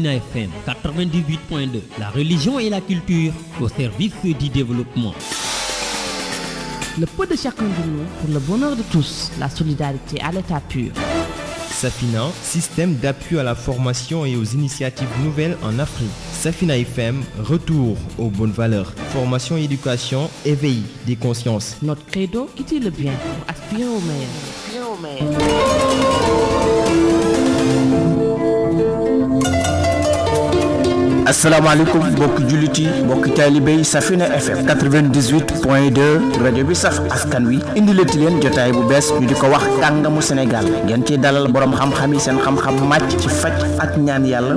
Safina FM 98.2, la religion et la culture au service du développement. Le pot de chacun de nous pour le bonheur de tous, la solidarité à l'état pur. Safina, système d'appui à la formation et aux initiatives nouvelles en Afrique. Safina FM, retour aux bonnes valeurs. Formation et éducation, éveil des consciences. Notre credo, quitter le bien pour Assalamu alaikum. Bok yi Bok taalibe Safina FM 98.2, Radio 2 rajo bi saf askan wi indilati leen jotaay bu bees Sénégal ngeen ciy dalal borom xam-xam Sen seen xam-xam màcc ci faj ak ñaan yàlla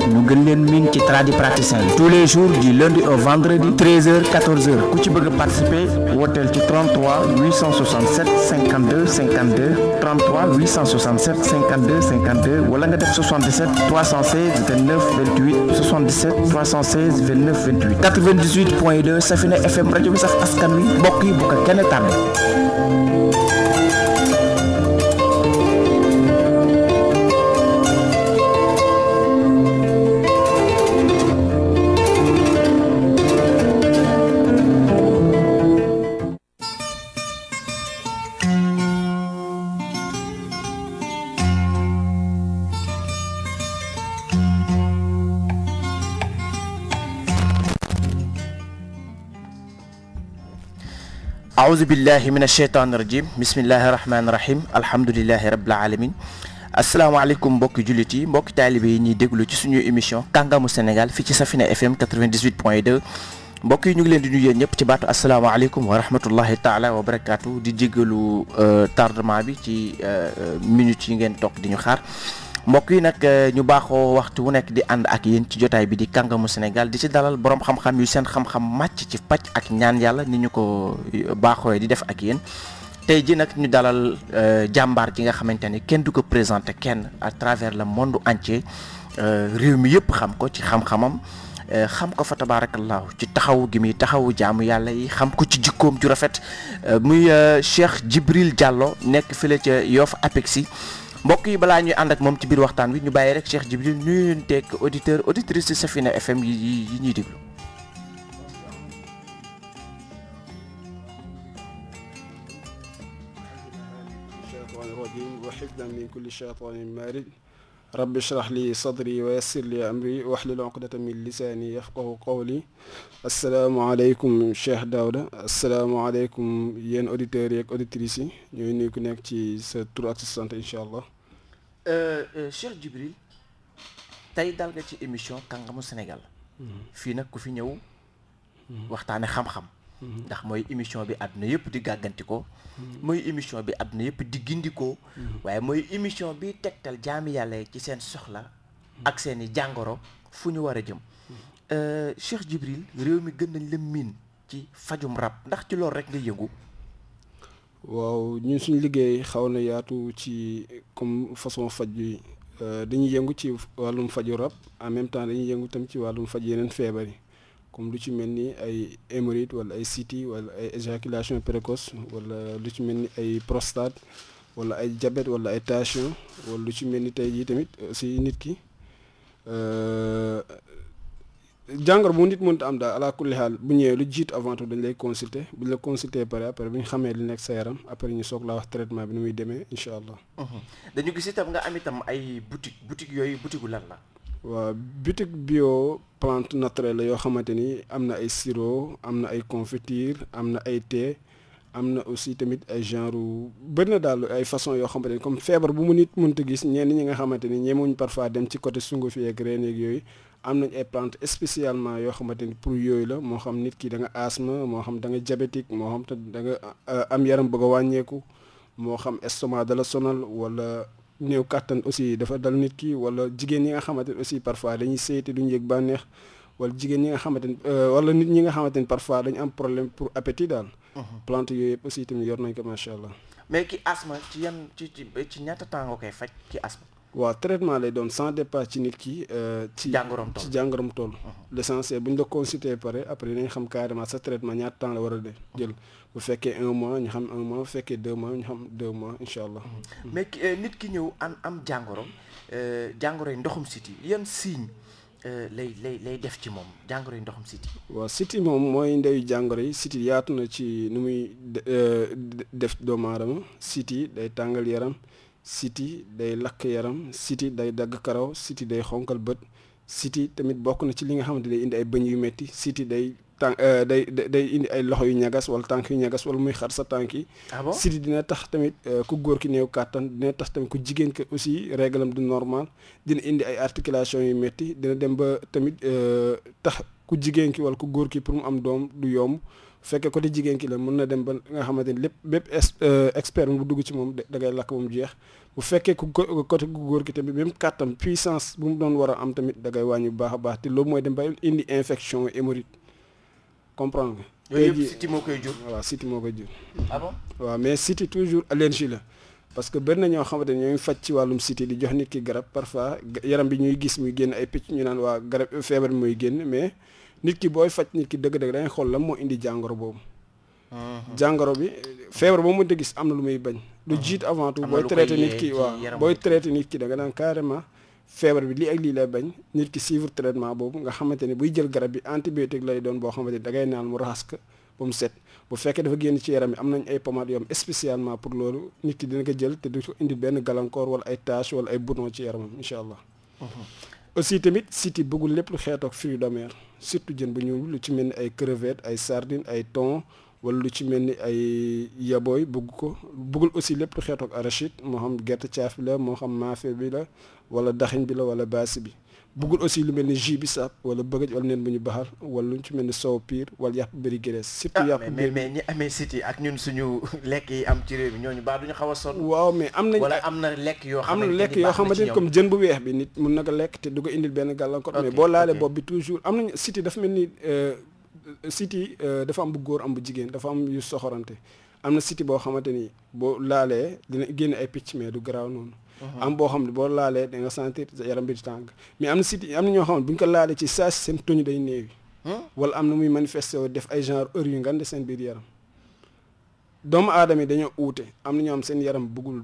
Praticien. gën leen tous les jours du lundi au vendredi 13h 14h ku ci bëgg participer wooteel ci 33 867 52 52 33 867 52 52 wala nga def 77 316 29 28 77. 316 29 28 98.2 point FM radio bi sax Boki Boka mbokk yi أعوذ بالله من الشيطان الرجيم بسم الله الرحمن الرحيم الحمد لله رب العالمين السلام عليكم بوك جوليتي بوك طالبي ني ديغلو سي سونو ايميشن كانغام سنغال في سفينه اف ام 98.2 بوك نيغي لين دي نوي نييب سي باتو السلام عليكم ورحمه الله تعالى وبركاته دي ديغلو تاردما بي سي مينوت يي نين توك دي نيو خار mbokk yi nag eh, ñu baaxoo waxtu wu nekk di ànd ak yéen ci jotaay bi di kàngamu Sénégal di ci dalal borom xam-xam yu seen xam-xam màcc ci pàcc ak ñaan yàlla ni ñu ko eh, baaxooy di def ak yéen tey ji nag ñu dalal eh, jàmbaar ji nga xamante ni kenn du ko présenté kenn à travers le monde entier réew mi yëpp xam ko ci xam-xamam xam ko fa tabaarakallaahu ci taxawu gi muy taxawu jaamu yàlla yi xam ko ci jikkoom ju rafet muy Cheikh Djibril Diallo nekk fële ca Yoff APEXI mbokk yi balaa ñuy ànd ak moom ci biir waxtaan wi ñu bàyyi rek Cheikh nuyu nuyoon teg auditeur auditrice Safina FM yi yi ñuy déglu. الشيطان الرجيم وحفظا من كل شيطان مارد رب اشرح لي صدري ويسر لي امري واحلل عقدة من لساني يفقه قولي السلام عليكم شيخ داوود السلام عليكم يان اوديتور ياك اوديتريسي ني نيو نيك سي تور اكسيسانت ان شاء الله شيخ جبريل تاي دالغا سي ايميشن كانغامو سينيغال في نك كوفي نيو واختاني خام خام ndax mooy émission bi àdduna yëpp di gàgganti ko mooy émission bi àdduna yëpp di gindikoo waaye mooy émission bi tegtal jaami yàlla ci seen soxla ak seeni jàngoro fu ñu war a jëm euh, Cheikh Jibril réew mi gën nañ la miin ci fajum rab ndax ci loolu rek nga yëngu waaw ñun suñu liggéey xaw na yaatu ci comme façon faj bi euh, dañuy yëngu ci wàllum faju rab en même temps dañuy yëngu tam ci wàllum faj yeneen feebar yi comme lu ci mel ni ay hémorroïdes wala ay cystite wala ay éjaculation précoce wala lu ci mel ni ay prostate wala ay diabète wala ay tension wala lu ci mel ni tey jii tamit euh, si nit ki euh, jàngoro bu nit mënta am daal ala kulli lu jiitu avant tout dañ lay consulter bu la consulter pare après bu ñu xamee li nekk sa yaram après ñu soog laa wax traitement bi ni muy demee incha allah. Mhm. dañu gis itam nga am itam ay boutique boutique yooyu boutiku lan la. waaw boutique bio plante naturelle la yoo xamante ni am na ay siro am na ay confiture am na ay thé am na aussi tamit ay genre bëri daal ay façon yoo xamante ni comme feebar bu mu nit mënta gis ñenn ñi nga xamante ni ñemuñ parfois dem ci côté sungu fi ak reen yooyu am nañ ay plantes spécialement yoo xamante ni pour yooyu la moo xam nit ki danga nga asthme moo xam da nga diabétique moo xam te da euh, am yaram bëgg a wàññeeku moo xam estomac da la sonal wala new carton aussi dafa dal nit ki wala jigen yi nga xamanteni aussi parfois dañuy seyti duñ yek banex wala jigen yi nga xamanteni euh, wala nit ñi nga xamanteni parfois dañ am problème pour appétit dal mhm. plante yoy aussi tim yor nañ ko machallah mais ki asthme ci yam ci ci ñata tang ko fay ki asthme waaw traitement lay doon sans départ ci nit ki. Euh, ci jàngoroom tool ci jàngoroom tool. Uh-huh. l'essentiel bu ñu la consulter pare après dañ xam carrément sa traitement ñaata temps la war a de uh-huh. jël bu fekkee un mois ñu xam un mois bu fekkee deux mois ñu xam deux mois incha allah. Uh-huh. mais euh, nit ki ñëw am am jàngoroom euh, jàngoro yi ndoxum siti yan signe lay lay def ci moom jàngoro yi ndoxum siti. waaw siti moom mooy ndeyu jàngoro yi siti yaatu na ci nu muy def doomu aadama siti day tàngal yaram. siti day lakk yaram siti day dagg karaw siti day xonkal bët siti tamit bokk na ci li nga xamante day indi ay bëñ yu metti siti day tànk euh, day day indi ay loxo yu ñagas wala tànk yu ñagas wala muy xar sa tànk yi siti ah dina tax tamit euh, ku góor ki néew kàttan dina tax tamit ku jigéen ki aussi réglam du normal dina indi ay articulation yu metti dina dem ba tamit euh, tax ku jigéen ki wala ku góor ki pour mu am doom du yomb fekkee côté jigéen ki la mun na dem ba nga xamante ni lépp bépp euh, expert bu dugg ci moom da ngay lakk moom jeex bu fekkee ku côté gu góor ki tamit même kàttam puissance bu mu doon war a am tamit da ngay wàññi baax a baax te loolu mooy dem ba indi infection hémorroïde comprendre nga. yooyu yëpp siti moo koy jur. waaw siti moo koy jur. ah bon waaw mais siti toujours allergie la. parce que bari na ñoo xamante ne ñooy faj ci wàllum siti di jox nit ki garab parfois yaram bi ñuy gis muy génn ay picc ñu naan waa garab feebar bi muy génn mais. nit ki booy faj nit ki dëgg-dëgg dangay xool lam moo indi jàngoro boobu. Uh-huh. jàngoro bi feebar boo mënta gis am na lu muy bañ. lu uh-huh. jiit avant tout booy traité nit ki booy traité nit ki da nga naan carrément. bi lii ak lii lay bañ nit ki suivre traitement boobu nga xamante ne buy jël garab bi antibiotique lay doon boo xamante ni da ngay naan mu raxas ko ba mu set bu fekkee dafa génn ci yaram bi am nañ ay pommades yoom spécialement pour loolu nit ki dina ko jël te du ko indi benn gàllankoor wala ay tache wala ay bouton ci yaramam incha allah. Uh-huh. aussi tamit siti bëggul lépp lu xeetook fruits de mer surtout jën bu ñuul lu ci mel ni ay crevettes ay sardines ay thon wala lu ci mel ni ay yabooy bëgg ko bëggul aussi lépp lu xeetook arachide moo xam gerte caaf bi la moo xam maafe bi la wala daxiñ bi la wala baasi bi buggul aussi lu mel ni jus bi saab wala bëgëj wala neen bu ñu baxal wala lu ñu ci mel ni soow piir wala yàpp bëri graisse surtout ah, yàpp mais ñi amee cité ak ñun suñu lekk yi am ci réew mi ñooñu baa duñu xaw a sonn waaw mais am nañ wala am na lekk yoo xam am na xamante ni comme jën bu weex bi nit mun na ko lekk te du ko indil benn gàllankoor mais boo laalee bopp bi toujours am nañ cité dafa mel ni cité euh, euh, dafa am bu góor am bu jigéen dafa am yu soxorante am na cité boo xamante ni boo laalee dina génn ay picc mais du garaaw noonu Uh-huh. am boo xam ne boo laalee da nga sentir yaram bi di tàng mais am na si am na ñoo xam ne bu ñu ko laalee ci saa si seen tuñ day néewi hmm? wala am na muy manifesté wu def ay genre heure yu ngande seen biir yaram doomu aadama yi dañoo uute am na ñoo xam seen yaram buggul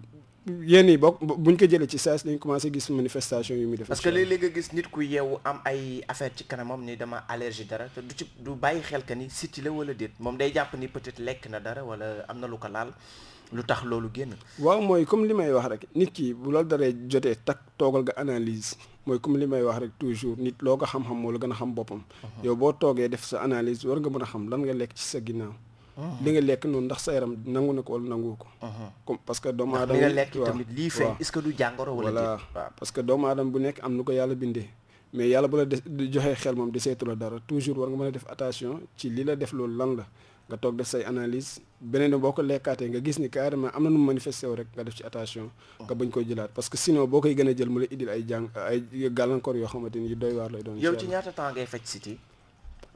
yéen yi bokk buñ ko jëlee ci saa si dañ commencé gis manifestation yu muy def parce que léeg-léeg nga gis nit ku yeewu am ay affaire ci kanamam ni dama allergie dara te du ci du bàyyi xel ka ni siti la wala déet moom day jàpp ni peut-être lekk na dara wala am na lu ko laal lu tax loolu génn. waaw mooy comme li may wax rek nit ki bu la daree jotee tak toogal nga analise mooy comme li may wax rek toujours nit loo ko xam-xam moo la gën a xam boppam. Uh-huh. yow boo toogee def sa analise war nga mën a xam lan nga lekk ci sa ginnaaw. Uh-huh. li nga lekk noonu ndax sa yaram nangu na ko wala nangu ko. Uh-huh. comme parce que doomu aadama. waaw lekk tamit lii feeñ est-ce que du parce que doomu aadama bu nekk am nu ko yàlla bindee. mais yàlla bu la de joxee xel moom deseetu la dara toujours war nga mën a def attention ci li la def loolu lan la. nga toog def say analyse beneen boo ko lekkaatee nga gis ni carrément am na nu mu manifesté wu rek nga def ci attention oh. nga bañ koy jëlaat parce que sinon boo koy gën a jël mu la indil ay jàng ay gàllankoor yoo xamante ni doy waar lay doon yow ci ñaata temps ngay faj siti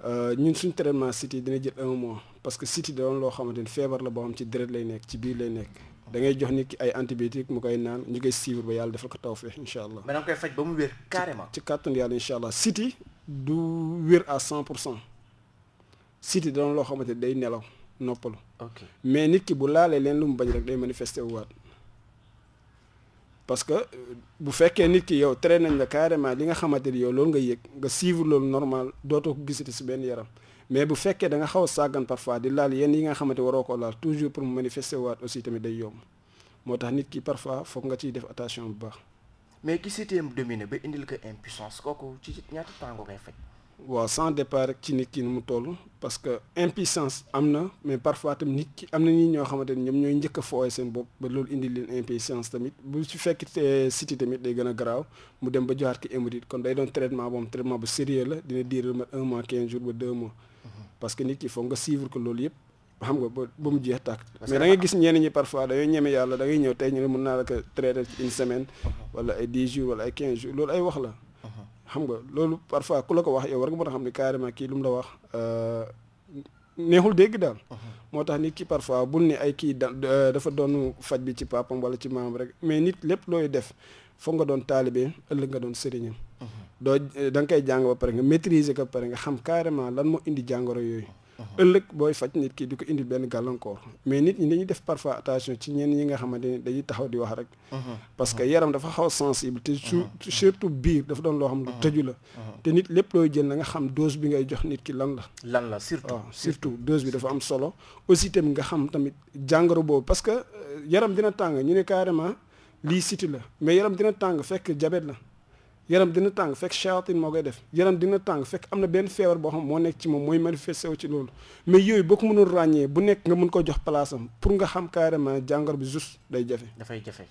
euh, ñun suñ traitement siti dina jël un mois parce que siti da doon loo xamante ni feebar la boo xam ci deret lay nekk ci biir lay nekk da ngay jox nit ki koy naan ñu koy suivre ko tawfeex incha allah mais da nga koy faj ba mu wér carrément ci kàttan à cent pour cent cité dana loo xamante day nelaw noppalu. mais nit ki bu laalee leen lu mu bañ rek day manifester wu parce que euh, bu fekkee nit ki yow traité nañ la carrément li nga xamante ni yow loolu nga yëg nga suivre loolu normal dootoo ko gisati si benn yaram mais bu fekkee da nga xaw a sàggan parfois di laal yenn yi nga xamante waroo ko laal toujours pour mu manifester waat aussi tamit day yomb moo tax nit ki parfois foog nga ciy def attention bu baax. mais ki cité dominé indil ko impuissance kooku ci ñaata temps nga koy waaw sans départ ci nit ki nous mu parce que impuissance amna mais parfois tam nit ki amna na ñi ñoo xamante ñom ñoy ñooy njëkk a fooye seen bopp ba lool indi leen impuissance tamit bu ci fekkee cité tamit day gëna graw mu dem ba joxaat ki hémorroïde kon day don traitement bom traitement bu sérieux la dina diir un mois 15 jours ba deux mois mhm. parce que nit ki fo nga suivre ko lool yëpp xam nga ba mu jeex tak mais da ngay ah. gis ñenn ñi parfois dañoo ñeme yalla da ngay ñëw tay ñu mëna mën la ko traiter une semaine wala ay dix jours wala ay quinze jours lool ay wax la xam nga loolu parfois ku la ko wax yow war nga mën a xam ni carrément kii lu mu la wax euh, neexul dégg daal. Uh-huh. moo tax nit kii parfois bul ni ay kii euh, dafa doon faj bi ci papam wala ci maam rek mais nit lépp looy def foog nga doon taalibe ëllëg nga doon sëriñam. Uh-huh. doo euh, danga nga koy jàng ba pare nga maîtriser ko pare nga xam carrément lan moo indi jàngoro yooyu. Uh-huh. ëllëg booy faj nit ki di ko indi benn gàllankoor mais nit ñi dañuy def parfois attention ci ñenn ñi nga xamante ni dañuy taxaw di wax rek uh-huh. parce que uh-huh. yaram dafa xaw sensible te surtout biir dafa doon loo xam lu tëju la te nit lépp looy jël na nga xam dose bi ngay jox nit ki lan la lan la surtout waaw dose bi dafa am solo aussi tamit nga xam tamit jàngoro boobu parce que euh, yaram dina tàng ñu ne carrément lii siti la mais yaram dina tàng fekk jabet la yaram dina tàng fekk shayatin moo koy def yaram dina tàng fekk am na benn feebar boo xam moo nekk ci moom mooy manifesté wu ci loolu mais yooyu boo ko mënul ràññee bu nekk nga mën ko jox place am pour nga xam carrément jàngor bi juste day jafe. dafay jafe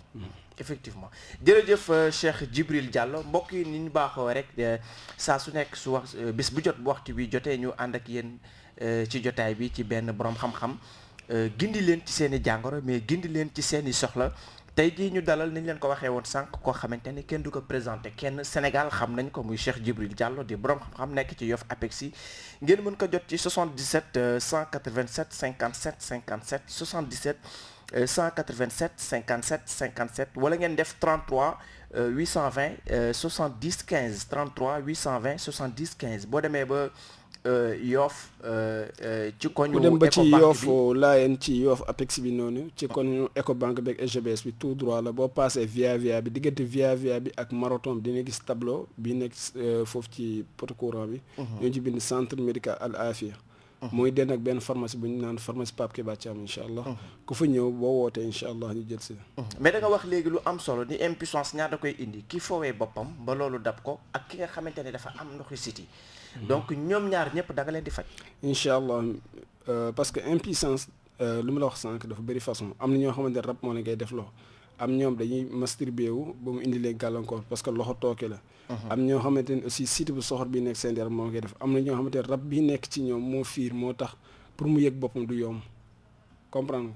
effectivement jërëjëf euh, Cheikh Djibril Diallo mbokk yi ni ñu baaxoo rek euh, saa su nekk su wax euh, bis bu jot bu waxtu bi jotee ñu ànd ak yéen ci jotaay bi ci benn boroom xam-xam gindi leen ci seen i jàngoro mais gindi leen ci seen i soxla. tey ñu dalal ni leen ko waxé won sank ko xamanteni kenn du présenter kenn Sénégal xam nañ ko muy Cheikh Djibril Diallo di borom xam-xam nekk ci Yoff APEXI ngeen mën ko jot ci 77 187 57 57 77 187 57 57 wala ngeen def 33 820 70 15 33 820 70 15 bo démé ba. Euh, Yoff euh, euh, ci koñu ku ba ci Yoff oh, ci Yoff Apex bi noonu ci koñu Ecobank beeg SGBS bi tout droit la boo passé via via bi diggante via via bi ak marathon dina gis tablo bi nekk foofu ci poto courant bi mhm. ñoo ci bind centre médical Al Afia mooy mhm. den ak benn pharmacie bu ñu naan pharmacie Pape Keba Thiam incha allah mhm. ku fa ñëw boo wootee incha allah ñu jël si mais wax léegi lu am solo ni impuissance ñaata koy indi ki foowee boppam ba loolu dab ko ak ki nga xamante ne dafa am ndoxu siti Mhm. donc ñom ñaar ñep da nga leen di faj. inshallah allah euh, parce que impuissance euh, lu ma la wax sànq dafa bëri façon am na ñoo xamante rap moo leen koy def loo am ñoom dañuy masturbé wu ba mu indi leen gàllankoor parce que loxo tooke la. Mhm. am ñoo xamante aussi site bu soxor bi nekk seen yaram moo koy def am na ñoo xamante rab bi nekk ci ñoom moo fiir moo tax pour mu yëg boppam du yomb comprendre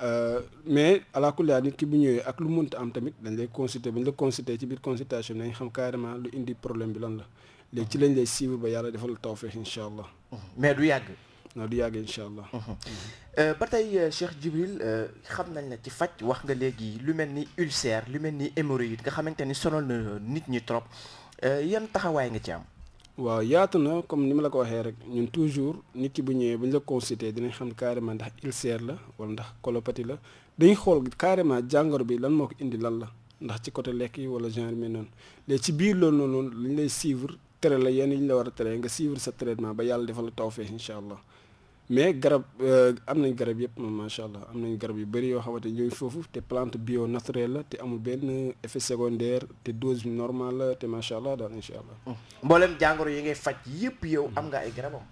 euh, mais à la kulli nit ki bu ñëwee ak lu mënta am tamit dañ lay consulter ba ñu la consulter ci biir consultation dañ xam carrément lu indi problème bi lan la léegi ci lañ lay siiw ba yàlla defal tawfiq incha allah. mais du yàgg. non du yàgg incha allah. Euh, ba tey euh, Cheikh Djibril euh, xam nañ ne ci faj wax nga léegi lu mel ni ulcère lu mel ni hémorroïde nga xamante ni sonal na nit ñi trop yan taxawaay nga ci am. waaw yaatu na comme ni ma la ko waxee rek ñun toujours nit ki bu ñëwee buñ la consulter dinañ xam carrément ndax ulcère la wala ndax colopathie la dañuy xool carrément jàngoro bi lan moo ko indi lan la ndax ci côté lekk yi wala genre mel noonu léegi ci biir loolu noonu lañ lay suivre. tere la yenn yi ñu la war a tere nga suivre sa traitement ba yàlla defal la tawféex incha allah mais garab euh, am nañ garab yëpp moom macha allah am nañ garab yu bëri yoo xamante ñooy foofu te plante bio naturel la te amul benn effet secondaire te dose normal la te macha allah daal incha allah. mboolem jàngoro yi ngay faj yëpp yow am nga ay garabam.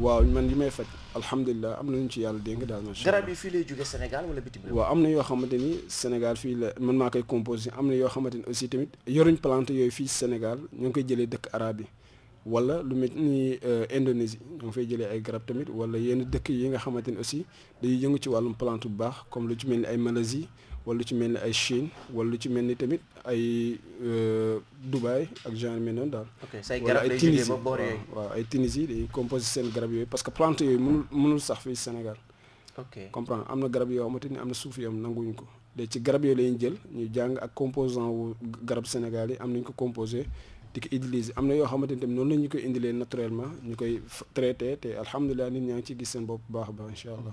waaw man li may faj alhamdulilah am na ñu ci yàlla dénk daal macha allah garab yi fii lay jóge Sénégal wala bitim réew waaw am na yoo xamante ni Sénégal fii la man maa koy composé am na yoo xamante ni aussi tamit yoruñ plante yooyu fii Sénégal ñu ngi koy jëlee dëkk arabe yi wala lu mel ni Indonésie ñu ngi fay jëlee ay garab tamit wala yenn dëkk yi nga xamante ni aussi day yëngu ci wàllum plante bu baax comme lu ci mel ni ay Malaisie wala ci melni ay Chine wala ci melni tamit ay euh, dubai ak genre mel noonu daal. ok say garab lay jógee ba boor yooyu waaw ay Tunisie dañuy composé seen garab yooyu parce que plante yooyu mënul mënul sax fii Sénégal. ok comprendre am na garab yoo xamante ni am na suuf yoo am ko léegi ci garab yooyu lañuy jël ñu jàng ak composant wu garab Sénégal yi am nañu ko composé di ko utiliser am na yoo xamante ni tamit noonu la ñu koy indilee naturellement ñu koy traité te alhamdulilah nit ñaa ngi ci gis seen bopp bu baax a baax incha allah.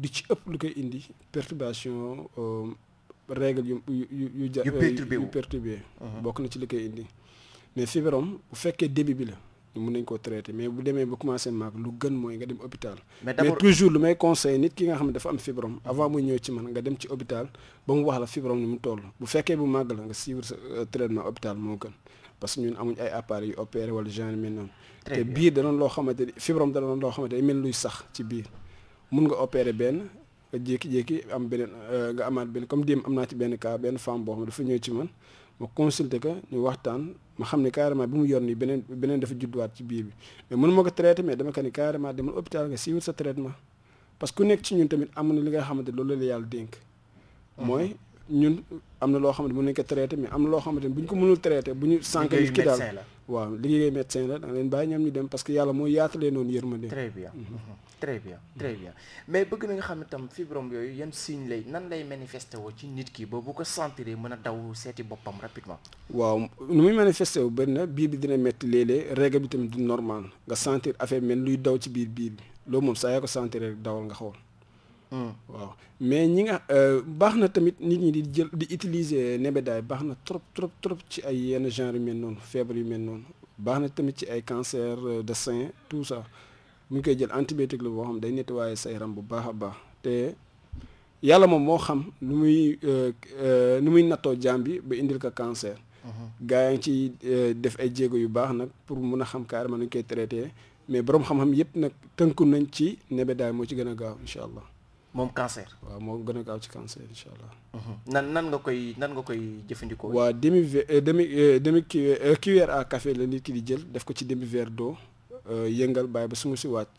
du ci ëpp lu koy indi perturbation euh, règle yu yu yu yu euh, perturbé uh-huh. bokk na ci li koy indi mais fibrome bu fekkee début bi la mun nañ koo traité mais bu demee ba commencé maag lu gën mooy nga dem hôpital mais toujours lu may conseil nit ki nga xam ne dafa am fibrome avant muy ñëw ci man nga dem ci hôpital ba mu wax la fibrome ni mu toll bu fekkee bu màgg la nga suivre sa euh, traitement hôpital moo gën parce que ñun amuñ ay appareils yu opéré wala genre mel noonu te biir da loo xamante ni fibrome da doon loo xamante ni mel luy sax ci biir mun nga opérer benn nga jékki-jékki am beneen euh, nga amaat benn comme démb am naa ci benn cas benn fem boo xam ne dafa ñëw ci man ma consulter ko ñu waxtaan ma xam ne carrément bi mu yor nii beneen beneen dafa judduwaat ci biir bi mais mënu ma ko traiter mais dama ko ni carrément demal hôpital nga suivre sa traitement parce que ku nekk ci ñun tamit am na li nga xamante loolu la yàlla dénk mooy ñun am na loo xam ne nañ ko traité mais am na loo xamante ni bu ñu ko mënul traité bu ñu sànq nit ki daal waaw liggéey médecin la leen bàyyi ñoom ñu dem parce que yàlla mooy yaatalee noonu yërmande très bien mhm. Mhm. très mais bëgg na xam ne tam fibrome yooyu yan signe lay nan lay manifesté woo ci nit ki boobu ko sentiree mën a daw seeti boppam rapidement waaw nu muy manifesté wu bëri na biir bi dina métti léeg-léeg règle bi tamit du normal nga sentir affaire mel luy daw ci biir biir bi loo moom saa yaa ko sentir dawal nga xool waaw mais ñi nga euh, baax na tamit nit ñi di jël di utiliser nebedaay baax na trop trop trop ci ay yenn genre yu mel noonu feebar yu mel noonu baax na tamit ci ay cancer euh, de sein tout ça mu ngi koy jël antibiotique la boo xam day nettoyer sa yaram bu baax a baax te yàlla moom moo xam nu muy euh, nu muy nattoo jaam bi ba indil ko cancer. Mhm. gaa yi ngi ci def ay jéego yu baax nag pour mun a xam ma nu ñu koy traité mais borom xam-xam yëpp nag tënku nañ ci nebedaay moo ci gën a gaaw incha allah. moom cancer. waaw moo gën a gaaw ci cancer incha allah. Mhm. nan nan nga koy nan nga koy jëfandikoo. waa demi ver euh, demi euh, demi euh, cuillère à café la nit ki di jël def ko ci demi verre d'eau yëngal bàyyi ba su ma si wàcc.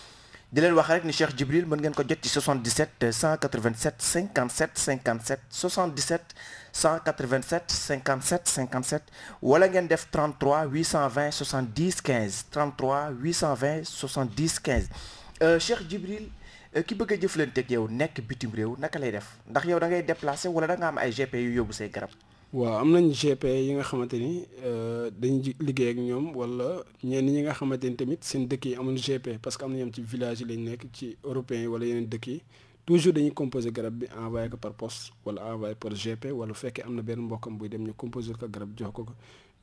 di leen wax rek ni Cheikh Djibril mën ngeen ko jot ci 77 187 57 57 77 187 57 57 wala ngeen def 33 820 70 15 33 820 70 15 Cheikh Djibril euh, ki bëgg a ak yow nek bitim rew naka lay def ndax yow da ngay déplacé wala da nga am ay GP yu yobu say garab. waaw am nañ GP yi nga xamante ni euh, dañuy liggéey ak ñoom wala ñenn ñi nga xamante ni tamit seen dëkk yi amul GP parce que am na ñoom ci village yi lañ nekk ci européens yi wala yeneen dëkk yi toujours dañuy composé garab bi envoyé ko par poste wala envoyé par GP wala fekkee am na benn mbokkam buy dem ñu composé ko garab jox ko ko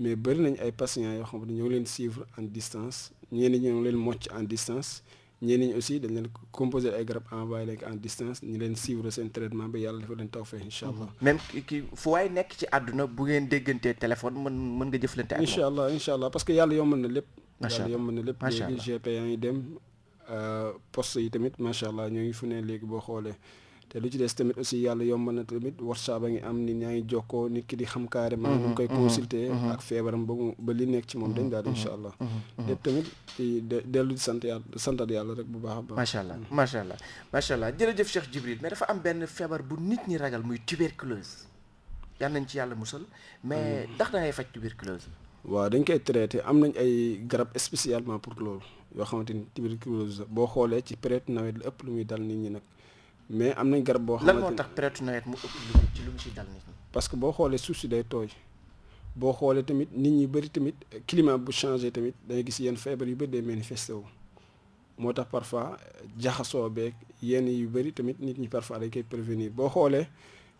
mais bëri nañ ay patients yoo xam ne ñoo leen suivre en distance ñenn ñoo leen mocc en distance. ñenn ñi aussi dañ leen composé ay garab envoyé leen en distance ñu leen suivre seen traitement ba yàlla dafa leen taw fee incha mhm. allah même ki fu waay nekk ci àdduna bu ngeen déggantee téléphone mën mën nga jëflante ak incha allah incha allah parce que yàlla yombal na lépp yàlla yombal na lépp léegi GP yaa ngi dem euh, post yi tamit macha allah ñoo fu ne léegi boo xoolee te lu ci des tamit aussi yàlla yombal na tamit WhatsApp a ngi am nit ñaa ngi jokkoo nit ki di xam carrément mhm, nu mu koy mhm, consulter mhm, ak feebaram ba mu ba li nekk ci moom dañ daal incha allah lépp tamit ci dellu di sant yàlla santat yàlla rek bu baax a baax macha allah macha allah macha jëf jërëjëf Cheikh Djibril mais dafa am benn feebar bu nit ñi ragal muy tuberculose yal nañ ci yàlla musal mais ndax da ngay faj tuberculose waaw dañ koy traité am nañ ay garab spécialement pour loolu yoo xamante ni tuberculose boo xoolee ci période nawet la ëpp lu muy dal nit ñi nag mais am nañ garab boo. xamante lan moo tax période nawet mu ëpp ci lu mu ci dal nit parce que boo xoolee suuf si day tooy boo xoolee tamit nit ñi bëri tamit climat bu changé tamit day gis yenn feebar yu bëri day manifesté wu. moo tax parfois jaxasoo beeg yenn yu bëri tamit nit ñi parfois dañ koy prévenir boo xoolee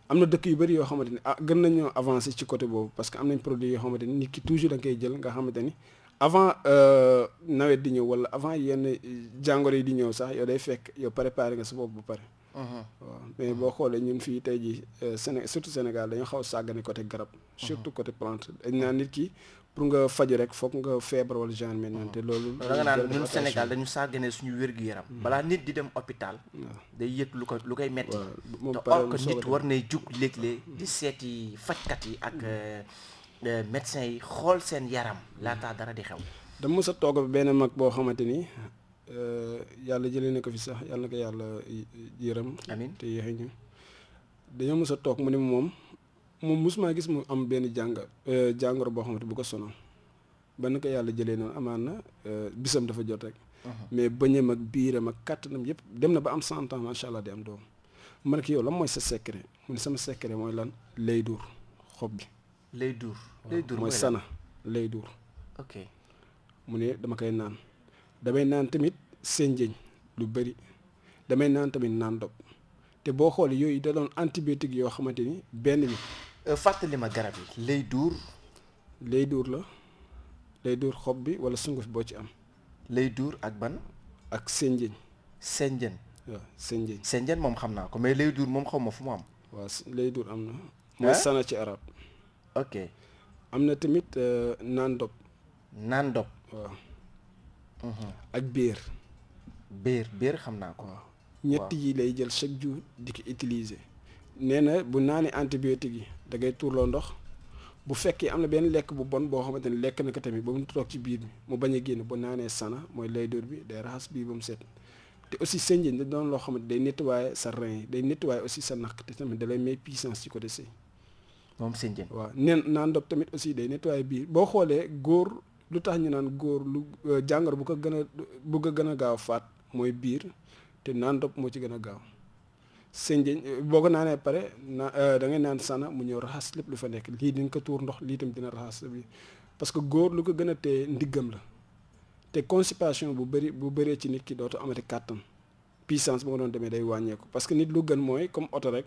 am na dëkk yu bëri yoo xamante ni ah gën nañoo avancer ci côté boobu parce que am nañ produit yoo xamante ni nit ki toujours da nga koy jël nga xamante ni avant euh, nawet di ñëw wala avant yenn jàngoro yi di ñëw sax yow day fekk yow préparé nga sa bopp bu pare. waaw mais boo xoolee ñun fii tey jii euh, Séné surtout Sénégal dañu xaw a sàggane côté garab. surtout côté plante dañ naan nit ki pour nga faju rek foog nga feebar wala genre mel noonu te loolu. da nga naan ñun Sénégal dañu sàggane suñu wér yaram balaa nit di dem hôpital. day yëg lu ko lu koy metti te or que nit war nay jug léeg-léeg di seeti fajkat yi ak euh, euh, médecin yi xool seen yaram laataa dara di xew. dama mës a toog benn mag boo xamante ni Eh, yàlla jële na ko fi sax yàlla na ko yàlla eh, yërëm amiin te yéexe ñu dañoo mës a toog mu ne moom moom mosumaa gis mu am benn jànga eh, jàngoro boo xamante bu ko sonal ba na yàlla jëlee noonu amaan na bisam dafa jot rek uh-huh. mais bëñam ak biiram ak kàttanam yëpp dem na ba am cent ans macha allah di am doom man ko yow lan mooy sa secret mu ne sama secret mooy lan lay duur xob bi lay mooy sana lay duur mu ne dama koy naan damay naan tamit senjeñ lu bëri damay naan tamit naan dog te boo xoolee yooyu da doon antibiotique yoo xamante ni benn bi. Euh, fàttali ma garab yi lay duur. lay duur la lay duur xob bi wala sunguf boo ci am. lay duur ak ban. ak senjeñ. senjeñ. waaw senjeñ. moom xam naa ko mais lay duur moom xaw ma fu mu am. waaw lay duur am na. mooy sana ci arab. ok. am na tamit euh, naan dog. naan dog waaw. ak biir. biir biir xam naa ko. waaw ñett yi lay jël chaque jour di ko utiliser. nee na bu naanee antibiotique yi da ngay loo ndox bu fekkee am na benn lekk bu bon boo xamante ne lekk na ko tamit ba mu toog ci biir bi mu bañ a génn bu naanee sana mooy lay dóor bi day raxas biir ba mu set. te aussi sënjën da doon loo xamante day nettoyer sa rein day nettoyer aussi sa naq te tamit da lay may puissance ci côté sëy moom sënjën waaw nen naan ndox tamit aussi day nettoyer boo xoolee góor lu tax ñu naan góor lu euh, jàngoro bu ko gën a bu ko gën a gaaw faat mooy biir te naan dop moo ci gën a gaaw sënjëñ euh, boo ko naanee pare na euh, da naan sana mu ñëw raxas lépp lu fa nekk lii dina ko tuur ndox lii tamit dina raxas bi parce que góor lu ko gën a téye ndiggam la te constipation bu bëri bu bëree ci nit ki dootu amati kàttan puissance bu nga doon demee day wàññeeku parce que nit lu gën mooy comme oto rek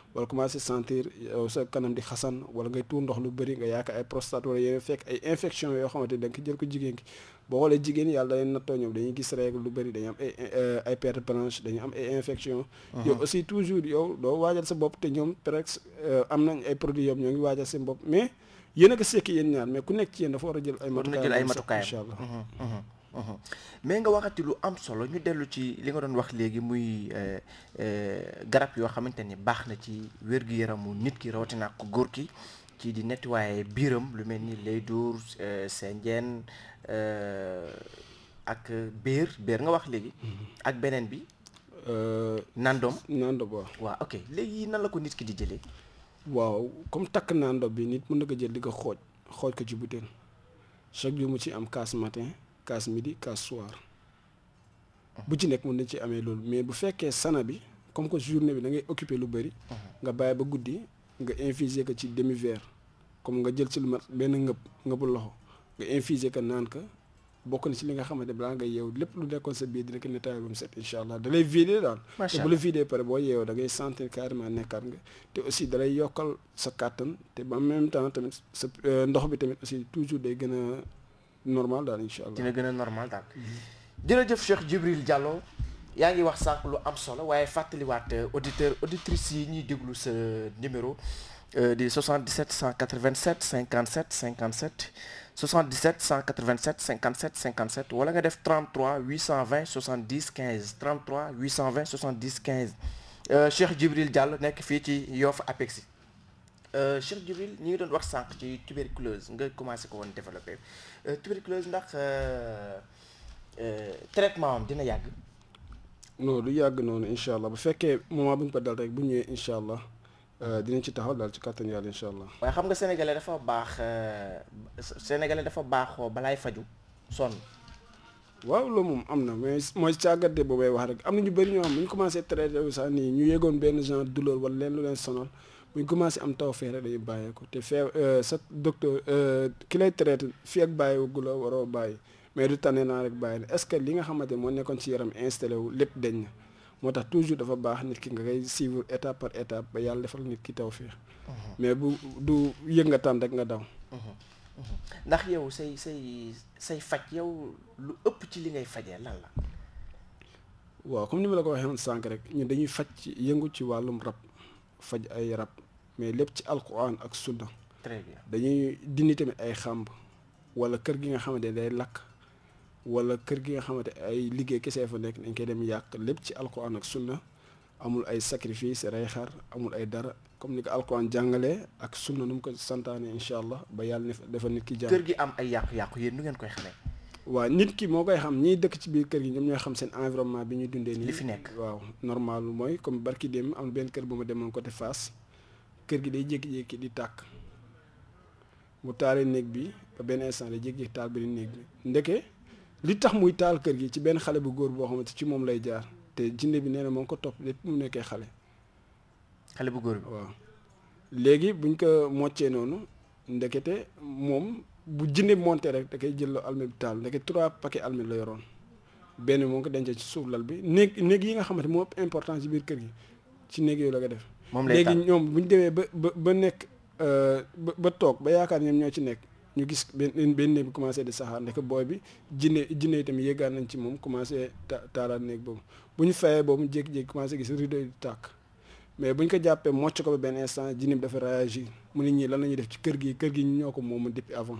wala commencé sentir sa kanam di xasan wala ngay tuur ndox lu bëri nga yaakaar ay prostate wala yeneen fekk ay infection yoo xamante ni ko jël ko jigéen ki boo xoolee jigéen yàlla da leen nattoo ñoom dañuy gis règle lu bëri dañuy am ay ay perte blanche dañuy am ay infection uh-huh. yow aussi toujours yow doo waajal sa bopp te ñoom presque euh, am nañ ay produits yoom ñoo ngi waajal seen bopp mais yéen a ko sekk yéen ñaar mais ku nekk ci yéen dafa war a jël ay matukaayam incha allah uh-huh, uh-huh. Uh-huh. mais nga waxati lu am solo ñu dellu ci li nga doon wax léegi muy eh, eh, garab yoo xamante ni baax na ci wér-gu-yaramu nit ki rawatina ko góor di nettoyer biiram lu mel ni lay dóor eh, senjeen ak béer béer nga wax léegi mm-hmm. ak beneen bi nandoom nandoom waaw waaw ok léegi na la ko nit ki di jëlee waaw comme takk nandoom bi nit mën na ko jël di ko xooj xooj ko ci butéel chaque jour mu ci am kaas matin kaas midi kaas soir bu ci nekk mën nañ ci amee loolu mais bu fekkee sana bi comme que journée bi da ngay occuper lu bëri nga bàyyi ba guddi nga infuser ko ci demi verre comme nga jël ci lu mat benn ngëb ngëbu loxo nga infuser ko naan ko bokk na ci li nga xamante balaa nga yeew lépp lu nekkoon sa biir dina ko nettoyé ba mu set incha allah da lay vider daal te bu la vider pare boo yeewoo da ngay sentir carrément nekkaat nga te aussi da lay yokkal sa carton. te en même temps tamit sa euh, ndox bi tamit aussi toujours day gën a normal daal incha dina gëna a normal daal. jërëjëf Cheikh jibril Diallo yaa ngi wax sax lu am solo fatali wat euh, auditeur auditrice yi ñi déglu ce numéro euh, di 77 187 57 57 77 187 57 57 wala nga def 33 820 70 15 33 820 70 15 Cheikh jibril Diallo nek fi ci yof APEXI. Euh, Cheikh Djibril ñu ngi doon wax sànq ci tuberculose nga commencé ko woon développé euh, tuberculose ndax euh, traitement am dina yàgg. non du yàgg noonu incha allah bu fekkee moment bu ñu ko dal rek bu ñu incha allah. dinañ ci taxaw daal ci kàttan yàlla incha allah. waaye xam nga sénégalais dafa baax sénégalais dafa baaxoo balaay faju sonn. waaw loolu moom am na mais mooy càggate boobay wax rek am na ñu bëri ñoo xam bu ñu commencé traité wu sax nii ñu yeggoon benn genre douleur wala leen lu leen sonal. buñ commencé am tawfeex rek dañuy bàyyeeku te fee euh, sa docteur euh, ki lay traité fii ak bàyyi la waroo bàyyi mais du tane naa rek bàyyi est ce que li nga xamante moo nekkoon ci yaram installé wu lépp deñ na moo tax toujours dafa baax nit ki nga koy suivre étape par étape ba yàlla defal nit ki tawfeex mhm. mais bu du yëg nga tànn rek nga daw. Mhm. Mhm. ndax yow say say say faj yow lu ëpp ci li ngay fajee lan la. waaw comme ni ma la ko waxee woon sànq rek ñun dañuy faj yëngu ci wàllum rab. faj ay rab mais lépp ci alquran ak sunna très bien dañuy dindi tamit ay xàmb wala kër gi nga xamante ne day lakk wala kër gi nga xamante ay liggéey kese fa nekk dañ koy dem yàq lépp ci alquran ak sunna amul ay sacrifice rey xar amul ay dara comme ni ko alquran jàngalee ak sunna nu mu ko santaane incha allah ba yàlla defal nit ki jàng kër gi am ay yàqu-yàqu yéen nu ngeen koy xamee waaw nit ki moo koy xam ñiy dëkk ci biir kër gi ñoom ñooy xam seen environnement bi ñu dundee nii li fi nekk waaw normal mooy comme barki dem am benn kër bu ma ko côté Fass kër gi day jékki-jékki di tàkk bu taalee néeg bi ba benn instant day jékki taal taal benn néeg bi ndeke li tax muy taal kër gi ci benn xale bu góor boo xamante ci moom lay jaar te jinne bi nee na moo ngi ko topp depuis mu nekkee xale xale bu góor bi waaw léegi buñ ko moccee noonu ndekete moom bu jinne monte rek da jël almet bi taal ndeke trois paquet almet la yoroon benn moo ko dencee ci suuf lal bi néeg néeg yi nga xamante moo ëpp importance ci biir kër gi ci néeg yooyu la ko def léegi ñoom bu ñu demee ba ba ba nekk euh, ba ba toog ba yaakaar ñoom ñoo ci nekk ñu gis benn benn néeg bi commencé de saxaar ndeke booy bi jinne jinne yi tamit yéegaan nañ ci moom commencé ta taalaat néeg boobu bu ñu fayee boobu jékki-jékki commencé gis rideau di tàkk mais bu ñu ko jàppee mocc ko ba benn instant jinne bi dafa mu ñii lan la ñuy def ci kër gi kër gi ñu ñoo ko moom depuis avant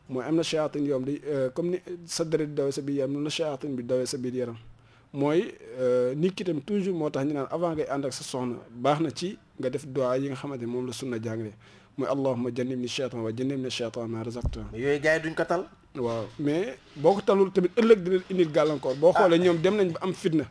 moy amna shayatin yom di comme ni sa deret di bi sa biir shayatin bi dawee bi yaram moy nit ki tam toujours motax naan avant ngay ànd ak sa soxna baxna ci nga def doa yi nga xamante mom la sunna jàngale moy allahumma jannibni shaytan wa jannibni shaytan ma razaqta yoy gars duñ ko tal waaw mais boko talul tamit ëllëg dina indi galankor bo xolé ñom dem nañ ba am fitna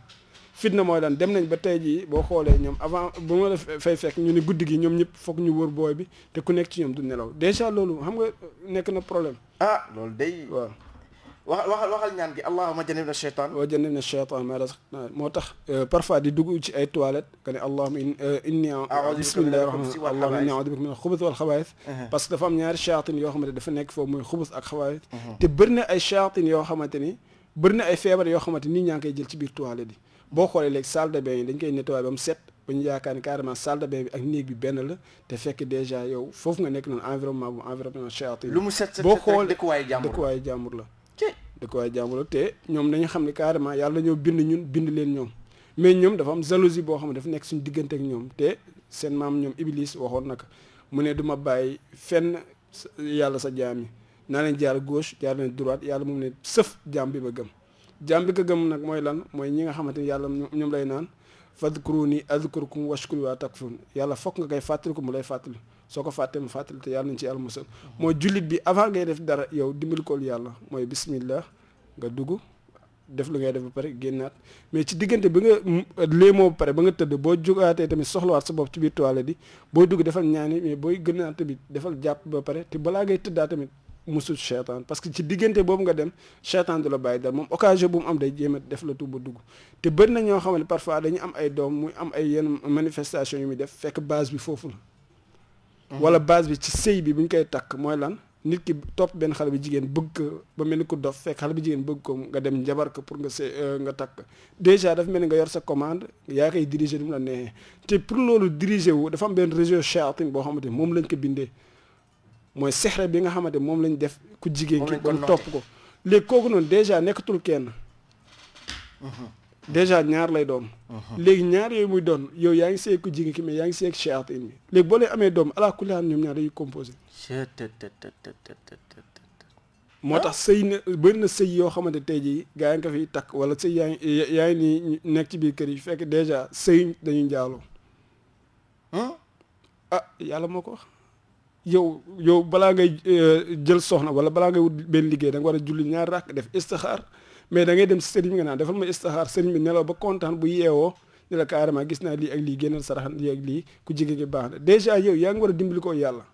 fitna mooy lan dem nañ ba tey jii boo xoolee ñoom avant bu ma la fay fekk ñu ne guddi gi ñoom ñëpp foog ñu wër booy bi te ku nekk ci ñoom du nelaw dèjà loolu xam nga nekk na problème. ah loolu day. waaw wax waxal waxal ñaan gi allahumma jannibna shaytaan. wa jannibna shaytaan ma razaqtana moo tax. Euh, parfois di dugg ci ay toilettes nga ne allahumma euh, inni. bismillahi rahmaani rahiim allahumma inni a'uudu bika mina xubuth uh-huh. parce que dafa am ñaari shayatin yoo xamante dafa nekk foofu mooy xubuth ak xabaayis uh-huh. te bëri na ay shayatin yoo xamante ni bëri na ay feebar yoo xamante ni ñaa ngi koy jël ci biir toilette boo xoolee léegi salle de bain yi dañ koy nettoyer ba mu set ba yaakaar ni carrément salle bi ak néeg bi benn la te fekk déjà yow foofu nga nekk noonu environnement bu environnement charte lu mu set set boo xoolee dëkkuwaayu jàmbur la dëkkuwaayu jàmbur te ñoom dañu xam ne carrément yàlla ñoo bind ñun bind leen ñoom mais ñoom dafa am jalousie boo xam ne dafa nekk suñu diggante ak ñoom te seen maam ñoom Iblis waxoon na ko mu ne du ma bàyyi fenn yàlla sa jaam yi naa leen jaar gauche jaar leen droite yàlla moom ne sëf jaam bi ma gëm jaam bi ko gëm nag mooy lan mooy ñi nga xamante ni yàlla ñoom lay naan fadkuruni adkurkum washkuru wa takfurun yàlla fokk nga koy fàttaliku mu lay fàttali soo ko fàttee mu fàttali te yàlla nañ ci yàlla musal mooy jullit bi avant ngay def dara yow dimbali yàlla mooy bismillah nga dugg def lu ngay def ba pare génnaat mais ci diggante bi nga mm, léemoo ba pare ba nga tëdd boo jugaatee tamit soxlawaat sa bopp ci biir toilette yi boo dugg defal ñaani mais booy gënaat tamit defal jàpp ba pare te balaa ngay tëddaa musul shaytan parce que ci digënté bobu nga dem shaytan dula la dal mom occasion bu mu am day jéem def la tuub ba dugg te bëri na ño xamné parfois dañu am ay dom muy am ay yeen manifestation yu mi def fekk base bi fofu la wala base bi ci sëy bi buñ koy tak moy lan nit ki top ben xale bi jigen bëgg ko ba melni ko dof fekk xale bi jigen bëgg ko nga dem jabar ko pour nga nga tak déjà daf melni nga yor sa commande ya kay diriger dum la né te pour lolu diriger wu dafa am ben réseau shaytan bo xamante mom lañ ko bindé mooy sexre bi nga xamante moom lañ def ku jigéen ki kon topp ko léegi kooku noonu dèjà nekkatul kenn mhm. dèjà ñaar lay doon mhm. léegi ñaar yooyu muy doon yow yaa ngi seeg ku jigéen ki mais yaa ngi seeg chaatin bi léegi boo amee doom ala kulli ñoom ñaar dañuy composé moo tax sëy na bëri na sëy yoo xamante tey jii gaa yi nga fiy wala sëy yaa ngi nekk ci biir kër yi fekk dèjà sëy dañuy jaaloo hmm? ah yàlla moo ko yow yow balaa ngay euh, jël soxna wala balaa ngay wut benn liggéey da war a julli ñaar rakk def istixaar mais dangay ngay dem si sëriñ bi nga naan defal ma istixaar sëriñ bi nelaw ba kontaan bu yeewoo ne la gis naa lii ak lii génnal saraxan lii ak lii ku jigéen gi baax na dèjà yow yaa ngi dimbali ko yàlla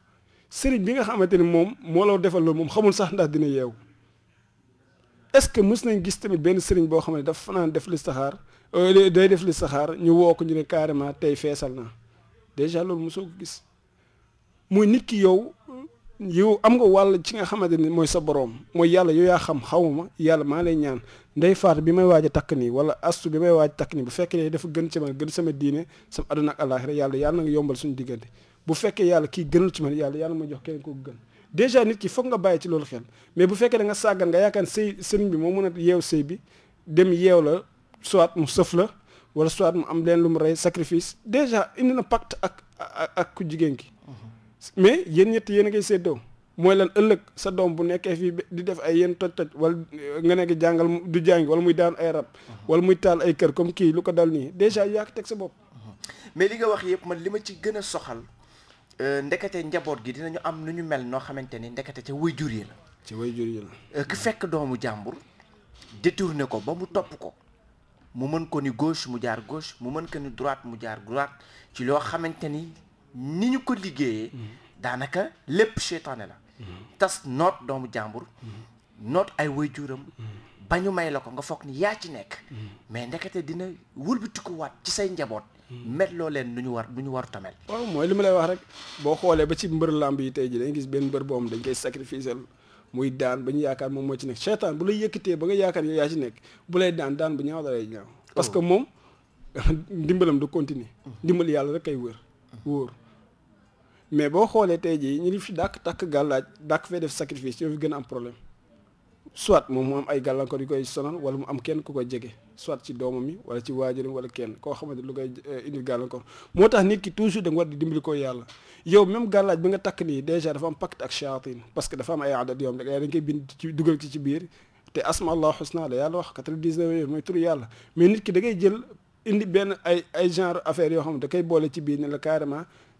sëriñ bi nga xamante ni moom moo la defal loolu moom xamul sax ndax dina yeewu est-ce que mus nañ gis tamit benn sëriñ boo xam ne dafa fanaan def listixaar euh, day def listixaar ñu woo ko ñu ne carrément tey feesal na dèjà loolu mosoo ko gis mooy nit ki yow yow am nga wàll ci nga xamante ni mooy sa boroom mooy yàlla yow yaa xam xawuma yàlla maa lay ñaan ndey faat bi may waaj a takk nii wala astu bi may waaj a takk nii bu fekkee dafa gën ci man gën sama diine sama àdduna ak àllaaxira yàlla yàlla na nga yombal suñu diggante bu fekkee yàlla kii gënal ci man yàlla yàlla ma jox keneen ko gën dèjà nit ki foog nga bàyyi ci loolu xel mais bu fekkee da nga sàggan nga yaakaar sëy sëriñ bi moo mën a yeew sëy bi dem yeew la soit mu sëf la wala soit mu am leen lu mu rey sacrifice dèjà indi na pacte ak ak jigéen ki mhm. mais yéen ñett yéen a ngay séddoo mooy lan ëllëg sa doom bu nekkee fii di def ay yenn toj-toj wala nga nekk jàngal du jàngi wala muy daan ay rab. Uh-huh. wala muy taal ay kër comme kii lu ko dal nii déjà yaa ko teg sa bopp. Uh-huh. mais li nga wax yëpp man li ma ci gën a soxal euh, ndekete njaboot gi dinañu am nu ñu mel noo xamante ni ndekete ca jur yi la. ci waajur yi la. Euh, ku fekk doomu jàmbur détourné ko ba mu topp ko mu mën ko ni gauche mu jaar gauche mu mën ko ni droite mu jaar droite ci loo xamante ni. ni ñu ko liggéeyee mm-hmm. daanaka lépp seytaane la mm-hmm. tas noot doomu jàmbur mm-hmm. noot ay waajuram ba ñu may la ko nga foog ni yaa ci nekk mais ndekete dina ko wëlbatikuwaat ci say njaboot met loo leen lu ñu war lu ñu warut a mel mooy li ma lay wax rek boo xoolee ba ci mbër làmb yi tey ji dañ gis benn mbër boobu dañ koy sacrificer muy daan ba ñu yaakaar moom mooy ci nekk seetaan bu lay yëkkatee ba nga yaakaar yow yaa ci nekk bu lay daan daan bu ñaaw da ñaaw parce oh. que moom ndimbalam du continuer ndimbal yàlla rek kay wër wóor mais boo on tey jii ñu fi dàkk takk gàllaaj dàkk sacrifices def sacrifice a problème soit mon mu am ay gàllankoor yu koy sonal wala mu am kenn ku soit ci doomam ou wala ci waajuram wala kenn eh, toujours da nga dans quoi même les bi nga ni des sacrifices, pacte ak shayatin parce que les am ay adat yoom rek dañ koy bind ci dugal ci ci te asma allah mais nit qui da ngay jël indi genre affaire yo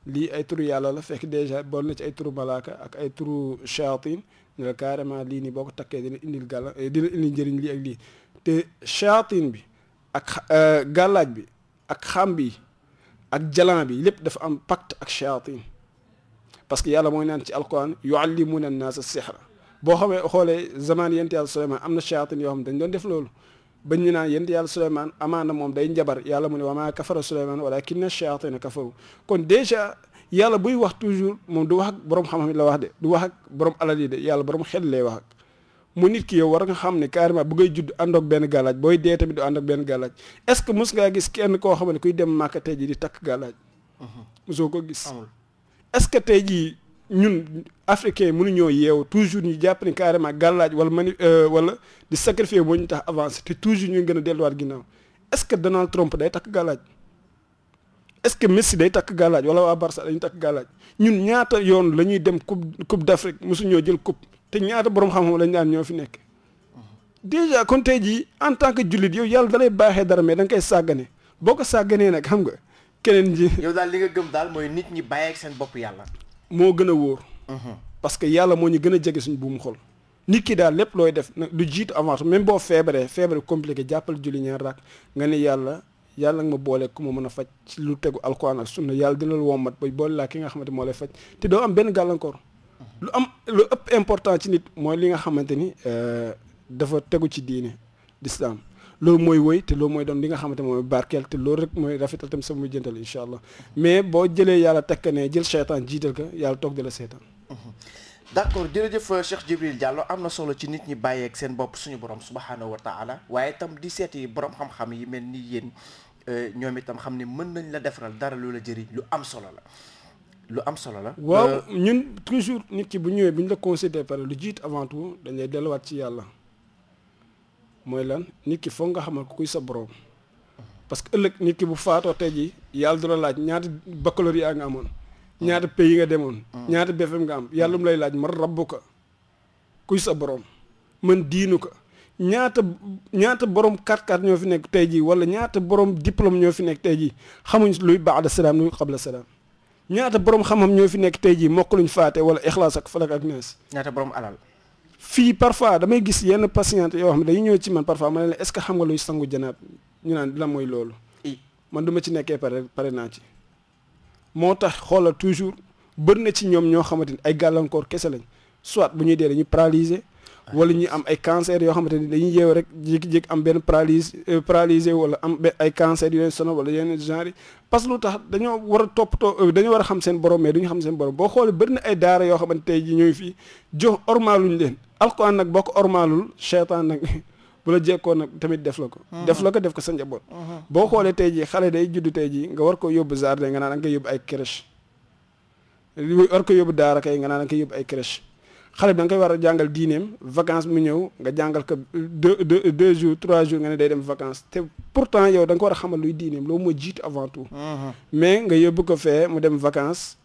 li ay turu yàlla la fekk dèjà bool na ci ay turu malaaka ak ay turu shayatin ne la carrément lii nii boo ko takkee dina indil gàlla dina indi njëriñ lii ak lii te shayatin bi ak gàllaaj bi ak xam bi ak jalan bi lépp dafa am pacte ak shayatin parce que yàlla mooy naan ci alquran yuallimuna annaasa sixra boo xamee xoolee zaman yent yàlla Suleymaan am na shayatin yoo xam dañ doon def loolu ba ñu naan yàlla Suleymaan amaana moom day njabar yàlla mu ne wa maa kafara Suleymaan walaakinna shayaatina kafaru kon déjà yàlla buy wax toujours moom du wax borom xam-xam la wax de du wax ak borom alal yi de yàlla borom xel lay wax ak mu nit ki yow war nga xam ne carrément bu ngay judd ànd benn gàllaaj booy dee tamit du ànd benn gàllaaj est-ce que mos ngaa gis kenn koo xam ne kuy dem Màkka tey jii di takk gàllaaj mhm. mosoo ko gis est que tey ñun africain mënuñoo yeewu toujours ñu jàpp ne carrément gàllaaj wala mani euh, wala di sacrifier moo ñu tax avancé te toujours ñu gën a delluwaat ginnaaw est-ce que Donald Trump day takk gàllaaj est-ce que Messi day takk gàllaaj wala waa Barça dañu takk gàllaaj ñun ñaata yoon la ñuy dem coupe coupe d'Afrique mosuñoo jël coupe te ñaata borom xam-xam lañ daan ñoo fi nekk déjà kon tey jii en tant que jullit yow yàlla da lay baaxee dara mais da nga koy sàggane boo ko sàgganee nag xam nga keneen ji. yow daal li nga gëm daal mooy nit ñi bàyyeeg seen bopp yàlla. moo gën a wóor. Mhm. parce que yàlla moo ñu gën a jege suñu buum xol. nit ki daal lépp looy def lu jiitu avant même boo feebaree feebare compliqué jàppal julli ñaar raak nga ne yàlla yàlla nga ma boole ku ma mën a faj ci lu tegu alquran ak na yàlla dina la wommat ba boole laa ki nga xamante moo lay faj te doo am benn gàllankoor. Mhm. lu am lu ëpp important ci nit mooy li nga xamante ni euh, dafa tegu ci diine l'islam loolu mooy woy te loolu mooy doon li nga xamante mooy barkeel te loolu rek mooy rafetal tam sama mujjantal incha mais boo jëlee yàlla tekk ne jël seytaan jiital ko yàlla toog di la seytaan d' jërëjëf Cheikh Djibril Diallo am solo ci nit ñi bàyyeeg seen bopp suñu borom subhaanahu wa taala waaye itam di seeti borom xam-xam yi mel yéen ñoom itam xam ne mën nañ la defaral dara lu jëriñ lu am solo la lu am solo la. waaw ñun toujours nit ki bu ñëwee bu ñu la considéré par lu jiit avant tout dañ lay delluwaat ci yàlla. mooy lan nit ki foog nga xamal ko kuy sa borom parce que ëllëg nit ki bu faatoo tey jii yàlla du la laaj ñaata baccalauréat nga amoon ñaata yi nga demoon mm. ñaata BFM nga am yàlla mu lay laaj man rabbuka kuy sa borom man diinu ko ñaata ñaata borom kat-kat ñoo fi nekk tey jii wala ñaata borom diplôme ñoo fi nekk tey jii xamuñ luy baax baada salaam luy la salaam ñaata borom xam-xam ñoo fi nekk tey jii mokk luñ faate wala ixlaas ak falak ak nees ñaata borom alal fii parfois damay gis yenn patiente yoo xam ne dañuy ñëw ci man parfois ma ne la est-ce que xam nga luy sangu janaab ñu naan la mooy loolu man du ma ci nekkee pare pare naa ci moo tax xoolal toujours bëri na ci ñoom ñoo xamante ni ay gàllankoor kese lañ soit bu ñuy dee dañuy paralysé wala ñuy am ay cancer yoo xamante ni dañuy yeew rek jékki am benn paralyse euh, paralysé wala am ay cancer yu leen wala yeneen genre yi que lu tax dañoo war a toppatoo euh, dañoo war xam seen borom mais duñu xam seen borom boo xoolee bëri ay daara yoo xamante tey ji ñooy fii jox ormaaluñ leen alquran nak boo ormalul ormaalul nak nag bu la jekkoo nag tamit def lako mm-hmm. def lako def ko sa njaboot mm-hmm. boo xoolee tey jii xale day judd tayji nga war ko yóbbu jardin nga nan nga yob ay crèche war ko yóbbu dara kay nga nan nga yob ay crèche xale bi da nga koy war a jàngal diineem mu ñew nga jangal ko 2 2 jours 3 jours nga ne day dem vacances te pourtant yow dang ko wara xamal luy dinem lo mo jiitu avant tout mm-hmm. mais nga yob ko fe mu dem vacances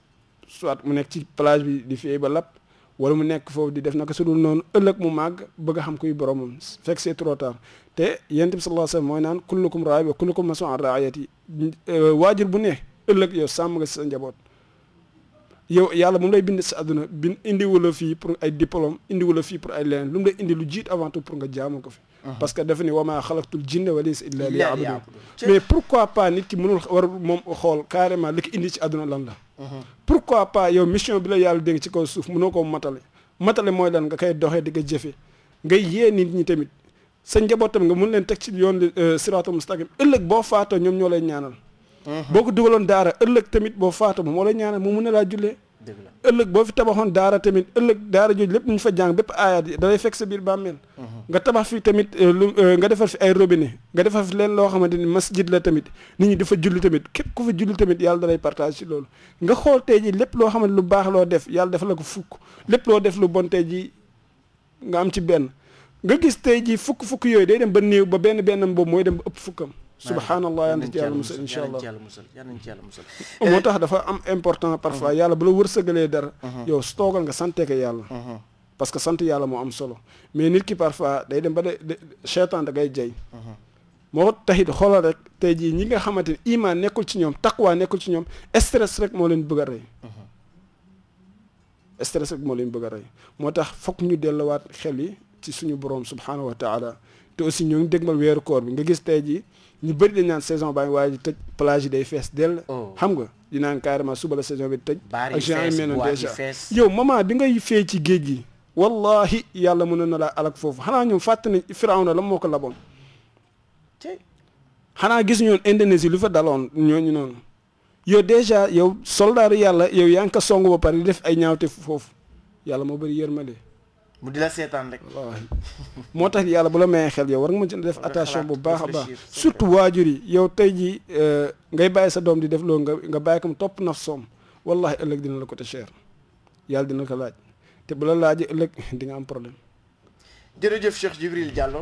soit mu nek ci plage bi di fee ba lap wala mu nekk foofu di def naka su dul noonu ëllëg mu màgg bëgg a xam kuy boromam fekk c'est trop tard te yonent bi sallallahu mooy naan kullukum raay ba kullukum mas'uulun an raayati euh, waajur bu ne ëllëg yow sàmm nga si sa njaboot yow yàlla moom lay bind sa àdduna bind indiwu la fii pour ay diplôme indiwu la fii pour ay leneen lu mu lay indi lu jiit avant tout pour nga jaamu ko fi parce que dafa ne wamaa xalaqtul jinna wal insa illa liya'budun mais pourquoi pas nit ki mënul war moom xool carrément li ko indi ci àdduna lan la pourquoi pas yow mission bi la yàlla dénk ci kaw suuf mënoo ko matale matale mooy lan nga koy doxee di ko jëfee yee nit ñi tamit sa njaboot tamit nga mun leen teg ci yoon li euh, siraatul mustaqim ëllëg boo faatoo ñoom ñoo lay ñaanal boo ko dugaloon daara ëllëg tamit boo faatoo moo lay ñaanal mu mun na laa ëllëg boo fi tabaxoon daara tamit ëllëg daara jooju lépp ñu fa jàng bépp aayaat yi dalay fekk sa biir bàmmeel mhm. nga tabax fi tamit euh, lu euh, nga defar fi ay robine nga defar fi leen loo xamante ni masjid la tamit nit ñi dafa julli tamit képp ku fa julli tamit yàlla dalay partage ci loolu nga xool tey ji lépp loo xamante lu baax loo def yàlla dafa la ko fukk lépp loo def lu bon tey ji nga am ci benn nga gis tey ji fukk-fukk yooyu day dem ba néew ba benn benn boobu mooy dem ba fukkam subhaanallah yal nañ ci yàlla musal moo eh, tax dafa am important parfois uh-huh. yàlla bu la wërsëgalee dara uh-huh. yow su toogal nga santee yàlla uh-huh. parce que sant yàlla moo am solo mais nit ki parfois day dem ba de seytaan da ngay jay moo taxit xoolal rek tey ji ñi nga xamante ne iman nekkul ci ñoom taqwa nekkul ci ñoom stress rek moo leen bëgg a rey moo leen bëgg a rey moo tax foog ñu delluwaat xel yi ci suñu borom subhaanahu wa taala te aussi ñoo ngi dégmal weeru koor bi nga gis tey jii ñu bëri dañ naan saison baa ngi waaye di tëj plage yi fees dell oh. xam nga di naan carrément suba la saison bi tëj ak gens yi mel noonu déjà yow moment bi ngay fee ci géej gi wallahi yàlla mën na laa alak foofu xanaa ñoom fàtte nañ Firawna la moo ko laboon xanaa gis ñoon Indonésie lu fa daloon ñooñu noonu yow déjà yow soldaaru yàlla yow yaa ngi ko song ba pare di def ay ñaaw ñaawte foofu yàlla moo bëri yërmande mu di seetaan rek. moo tax yàlla bu la mayee xel yow war nga mën ci def attention bu baax a baax surtout waajur yi yow tey jii euh, ngay bàyyi sa doom di def loolu nga nga bàyyi ko mu topp naf soom wallahi ëllëg dina la ko te cher yàlla dina ko laaj te bu la laajee ëllëg di am problème. jërëjëf Cheikh Djibril Diallo.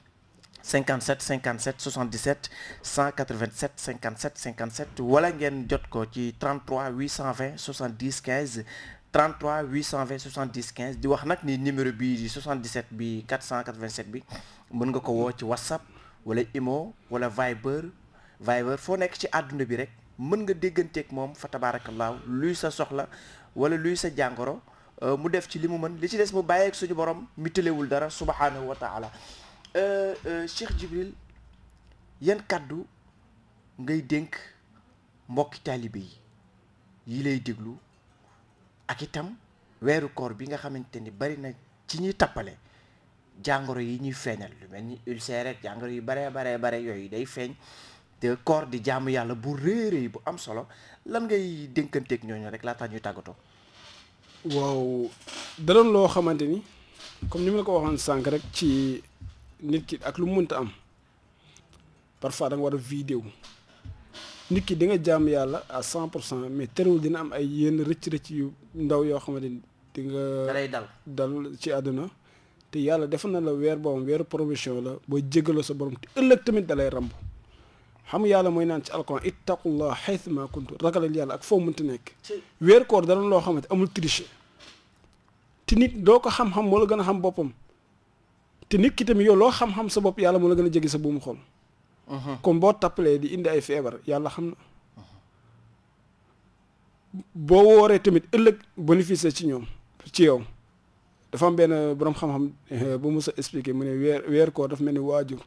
57 57 77 187 57 57 wala ngeen jot ko ci 33 820 70 15 33 820 70 15 di wax nag ni numéro bii di 77 bi 487 bi mën nga ko woo ci whatsapp wala imo wala viber viber foo nekk ci àdduna bi rek mën nga dégganteeg moom fa tabaarakallaahu luy sa soxla wala luy sa jàngoro euh, mu def ci li mu mën li ci des mu bàyyeeg suñu borom mi tëlewul dara subhaanahu wa taala Euh, euh, Cheikh Djibril yan kàddu ngay dénk mbokki taalibe yi yi lay déglu ak itam weeru koor bi nga xamante ni bari na ci ñuy tappale jàngoro yi ñuy feeñal lu mel ni ulcère rek jàngoro yu baree baree bare yooyu day feeñ te koor di jàmm yàlla bu réeré bu am solo lan ngay dénkanteeg ñooñu rek laataa ñuy tàggatoo. waaw da loo xamante ni comme ni ma la ko waxoon sànq rek ci. nit ki ak lu mu mënta am parfois da nga war a vidéo nit ki di nga jàmm yàlla à cent pour cent mais terewul dina am ay yenn rëcc-rëcc yu ndaw yoo xamante ni di nga. dal dal ci àdduna. te yàlla def na la weer boobam weer promotion la boo jégaloo sa borom te ëllëg tamit da lay ramb xam yàlla mooy naan ci alquran ittaqullah xaythuma kuntu ragalal yàlla ak foo mënti nekk. weer koor dana loo xamante amul tricher. te nit doo ko xam-xam moo la gën a xam boppam. te nit ki tamit yow loo xam-xam sa bopp yàlla moo la gën a jege sa buumu xol. Uh-huh. kon boo tappalee di indi ay feebar yàlla xam na. boo wooree tamit ëllëg bénéfice ci ñoom ci yow dafa am benn borom xam-xam eh, bu mu sa expliqué mu ne weer weer koo dafa mel ni waajur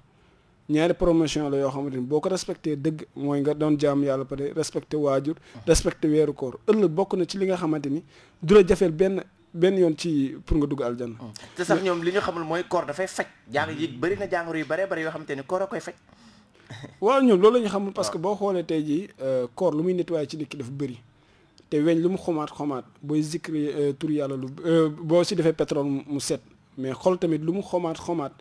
ñaari promotion la yoo xamante ni boo ko respecté dëgg mooy nga doon jaam yàlla pare respecté waajur uh-huh. respecté weeru koor ëllëg bokk na ci li nga xamante ni du la jafeel benn benn yoon ci pour nga dugg aljanna. Mm. te sax ñoom li ñu xamul mooy koor dafay faj. jàng yi mm. bëri na jàngoro yu bëree bëri yoo xam te ni koor a koy faj. waaw loolu la ñu xamul parce que boo xoolee tey jii euh, koor lu muy nettoyé ci nit ki dafa bëri te weñ lu mu xomaat xomaat booy zikri euh, tur yàlla lu euh, boo si defee pétrole mu set mais xol tamit lu mu xomaat xomaat.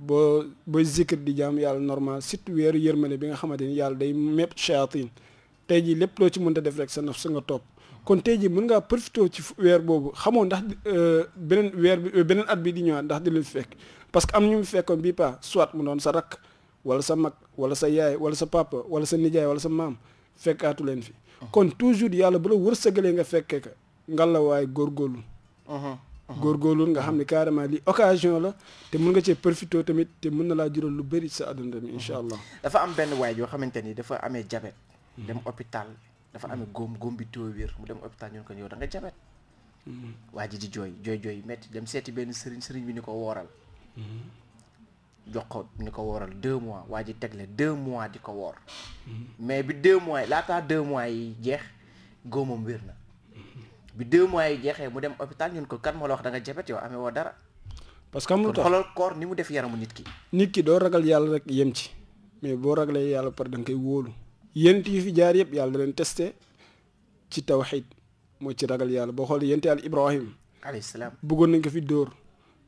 boo booy zikr di jaam yàlla normal surtout weeru yërmande bi nga xamante ni yàlla day mépp shayatin tey jii lépp loo ci mënta def rek sa naf sa nga topp kon tey jii mun ngaa profité ci weer boobu xamoo ndax euh, beneen weer bi euh, beneen at bi di ñëwaat ndax di lu fekk parce que am ñu fekkoon bi pas soit mu doon sa rakk wala sa mag wala sa yaay wala sa papa wala sa nijaay wala sa maam fekkaatu leen fi. Uh-huh. kon toujours yàlla bu la wërsëgalee nga fekkee ka nga la waaye góor uh-huh. uh-huh. góorgóorlu nga xam ne carrément li occasion la te mën nga cee profité tamit te mën na laa jural lu bëri sa àdduna bi incha allah. dafa am benn waay yoo xamante ni dafa amee jabet. dem hmm. dafa amé hmm. gom gom bi tew wir mu dem hôpital ñun ko ñew da nga jabet hmm waji di joy joy joy metti dem setti ben serigne serigne bi niko woral hmm jox ko niko woral 2 mois waji teglé 2 mois diko wor hmm mais bi 2 mois la ta 2 mois yi jeex gomum wirna hmm. bi 2 mois yi jeexé mu dem hôpital ñun ko kan mo wax da nga jabet yo amé wo dara parce que am lu tax xolal koor ni mu def yaramu nit ki nit ki do ragal yalla rek yem ci mais bo ragalé yalla par dang kay wolu yent yu fi jaar yëpp yàlla da leen testé ci tawxid mooy ci ragal yàlla boo xoolee yent yàlla Ibrahim. alayhi salaam bëggoon nañ ko fi dóor.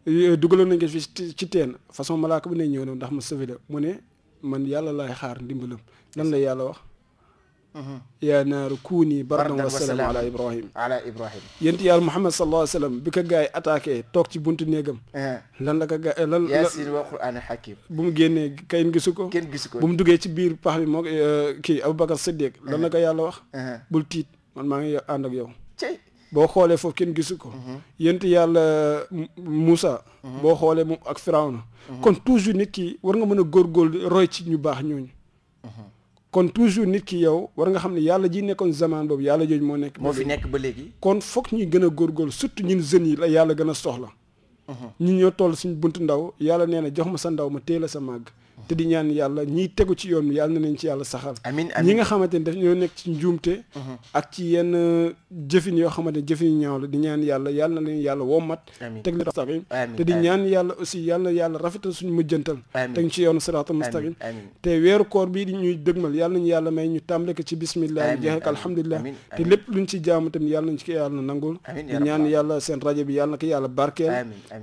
Eh, dugaloon nañ ko fi ci teen façon malaaka bu ne ñëw na ndax ma sauvé la mu ne man yàlla laay xaar ndimbalam lan la yàlla wax. Mm-hmm. yaa naaru kuuni bardan wa salaam ala ibrahim ala ibrahim yénti yàlla muhammad sallallahu alayhi wa sallam bi ko gars yi attaqué toog ci buntu néegam eh. lan la ko gars eh, lan yaasin wa bu mu génnee kayin gisu ko kenn gisu ko bu mu duggee ci biir pax bi moo eh, kii aboubacar siddiq lan la ko yàlla wax bul tiit man maa ngi ànd ak yow boo xoolee foofu kenn gisu ko mm-hmm. yénti yàlla musa mm-hmm. boo xoolee mu ak Firawna kon toujours nit ki war nga mën a góor góor roy ci ñu baax ñu kon toujours nit ki yow war nga xam ne yàlla ji nekkoon zaman boobu yàlla jooju moo nekk. moo fi nekk ba léegi. kon foog ñuy gën a góorgóorlu surtout ñun jeunes yi la yàlla gën a soxla. Mhm. ñun ñoo toll suñ bunt ndaw yàlla nee na jox ma sa ndaw ma téye la sa màgg. te di ñaan yàlla ñiy tegu ci yoon bi yàlla na nañ ci yàlla saxal amiin amiin nga xamante ni daf ñoo nekk ci njuumte mhm. ak ci yenn uh, jëfin yoo xamante ne jëfin ñaaw la di ñaan yàlla yàlla na leen yàlla wommat teg leen mustaqim te di ñaan yàlla aussi yàlla yàlla rafetal suñu mujjantal teg ci yoonu siraatal mustaqim te weeru koor bii di ñuy dëgmal yàlla nañu yàlla may ñu tàmbale ci bismillah jeexal ko alhamdulilah te lépp luñ ci jaamu tamit yàlla nañ ci ko yàlla nangul di yàlla seen rajo bi yàlla na ko yàlla barkeel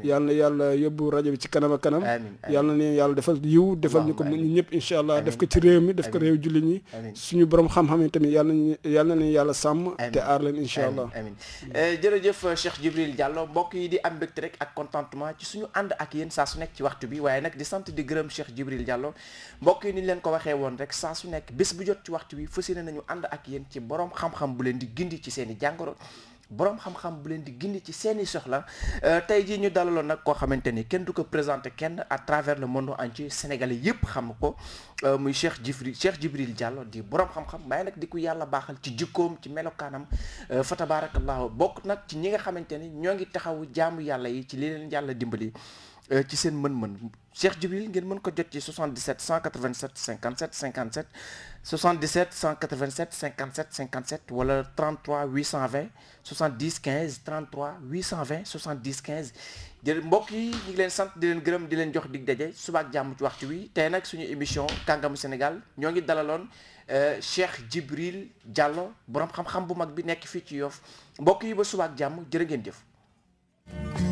yàlla na yàlla yóbbu rajo bi ci kanam a kanam yàlla na leen yàlla defal yiw defal ñu ko ñun ñëpp incha allah def ko ci réew mi def ko réew julli ñi suñu borom xam-xam yi tamit yàlla nañu yàlla nañu yàlla sàmm te aar leen incha allah amin eh, jërëjëf Cheikh Djibril Diallo mbokk yi di am mbégte rek ak contentement ci suñu ànd ak yéen saa su nekk ci waxtu bi waaye di sant di gërëm Cheikh Djibril Diallo mbokk yi ni leen ko waxee woon rek saa su nekk bés bu jot ci waxtu wi fas yéene nañu ànd ak yéen ci borom xam-xam bu leen di gindi ci seeni jàngoro boroom xam-xam bu leen di gindi ci seeni soxla euh, tey jii ñu dalaloon nag koo xamante ni kenn du ko présenté kenn à travers le monde entier sénégalais yépp xam ko euh, muy Cheikh Djibril Cheikh Djibril Diallo di boroom xam-xam waaye nag di ku yàlla baaxal ci jukkoom ci melokaanam euh, fa tabaarakallaahu bokk nag ci ñi nga xamante ni ñoo ngi taxawu jaamu yàlla yi ci li leen yàlla dimbali ci seen mën-mën Cheikh Djibril vous pouvez ko jot ci 77 187 57 57 77 187 57 57 ou alors 33 820 70 15 33 820 70 15 jërë mbokk yi ñu ngi leen sant di leen gërëm di leen jox dig daje suba ak jàmm ci waxtu wi tey nag suñu émission kàngamu Sénégal ñoo ngi dalaloon euh, Cheikh Djibril Diallo borom xam-xam bu mag bi nekk fii ci Yoff mbokk yi ba suba jàmm jërë ngeen